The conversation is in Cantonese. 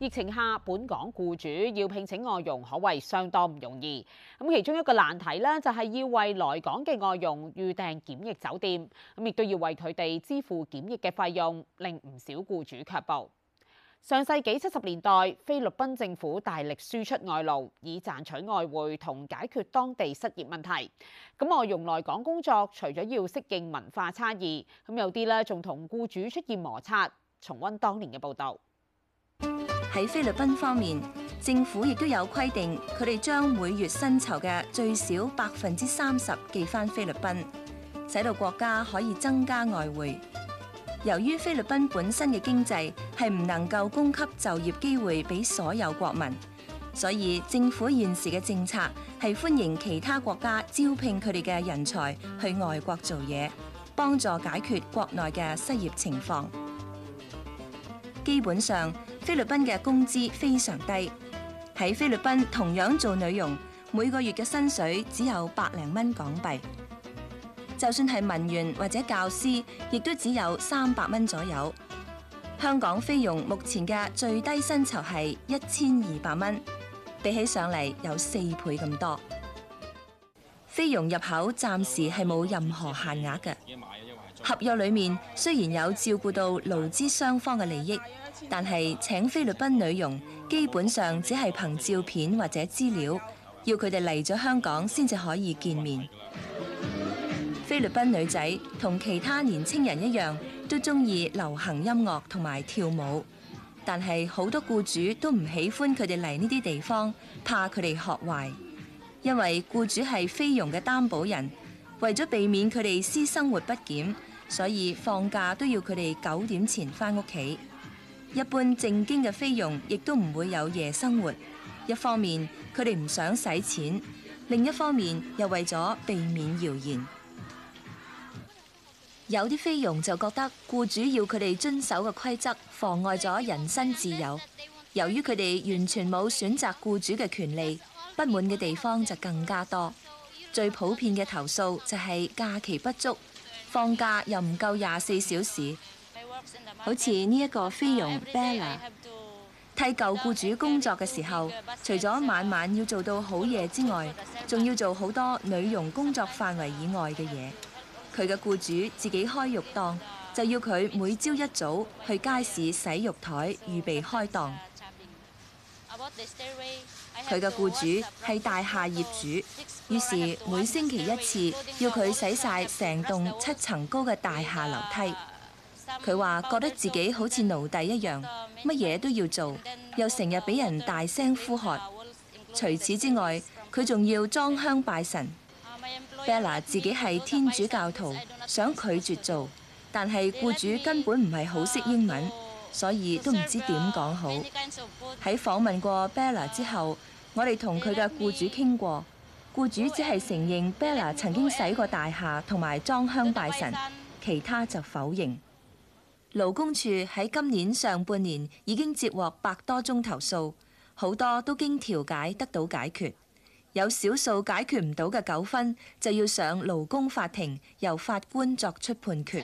疫情下，本港僱主要聘請外傭，可謂相當唔容易。咁其中一個難題呢，就係要為來港嘅外傭預訂檢疫酒店，咁亦都要為佢哋支付檢疫嘅費用，令唔少僱主卻步。上世紀七十年代，菲律賓政府大力輸出外勞，以賺取外匯同解決當地失業問題。咁外傭來港工作，除咗要適應文化差異，咁有啲呢仲同僱主出現磨擦。重溫當年嘅報導。喺菲律賓方面，政府亦都有規定，佢哋將每月薪酬嘅最少百分之三十寄翻菲律賓，使到國家可以增加外匯。由於菲律賓本身嘅經濟係唔能夠供給就業機會俾所有國民，所以政府現時嘅政策係歡迎其他國家招聘佢哋嘅人才去外國做嘢，幫助解決國內嘅失業情況。基本上。菲律賓嘅工資非常低，喺菲律賓同樣做女傭，每個月嘅薪水只有百零蚊港幣。就算係文員或者教師，亦都只有三百蚊左右。香港菲傭目前嘅最低薪酬係一千二百蚊，比起上嚟有四倍咁多。菲傭入口暫時係冇任何限額嘅。合約裏面雖然有照顧到勞資雙方嘅利益，但係請菲律賓女傭基本上只係憑照片或者資料，要佢哋嚟咗香港先至可以見面。菲律賓女仔同其他年青人一樣，都中意流行音樂同埋跳舞，但係好多僱主都唔喜歡佢哋嚟呢啲地方，怕佢哋學壞，因為僱主係菲傭嘅擔保人，為咗避免佢哋私生活不檢。所以放假都要佢哋九點前返屋企。一般正經嘅菲傭亦都唔會有夜生活。一方面佢哋唔想使錢，另一方面又為咗避免謠言。有啲菲傭就覺得僱主要佢哋遵守嘅規則妨礙咗人身自由。由於佢哋完全冇選擇僱主嘅權利，不滿嘅地方就更加多。最普遍嘅投訴就係假期不足。放假又唔夠廿四小時，好似呢一個菲傭 Bella 替舊僱主工作嘅時候，除咗晚晚要做到好夜之外，仲要做好多女傭工作範圍以外嘅嘢。佢嘅僱主自己開肉檔，就要佢每朝一早去街市洗肉台，預備開檔。佢嘅僱主係大廈業主，於是每星期一次要佢洗晒成棟七層高嘅大廈樓梯。佢話覺得自己好似奴隸一樣，乜嘢都要做，又成日俾人大聲呼喝。除此之外，佢仲要裝香拜神。Bella 自己係天主教徒，想拒絕做，但係僱主根本唔係好識英文。所以都唔知點講好。喺訪問過 Bella 之後，我哋同佢嘅僱主傾過，僱主只係承認 Bella 曾經洗過大廈同埋裝香拜神，其他就否認。勞工處喺今年上半年已經接獲百多宗投訴，好多都經調解得到解決，有少數解決唔到嘅糾紛就要上勞工法庭，由法官作出判決。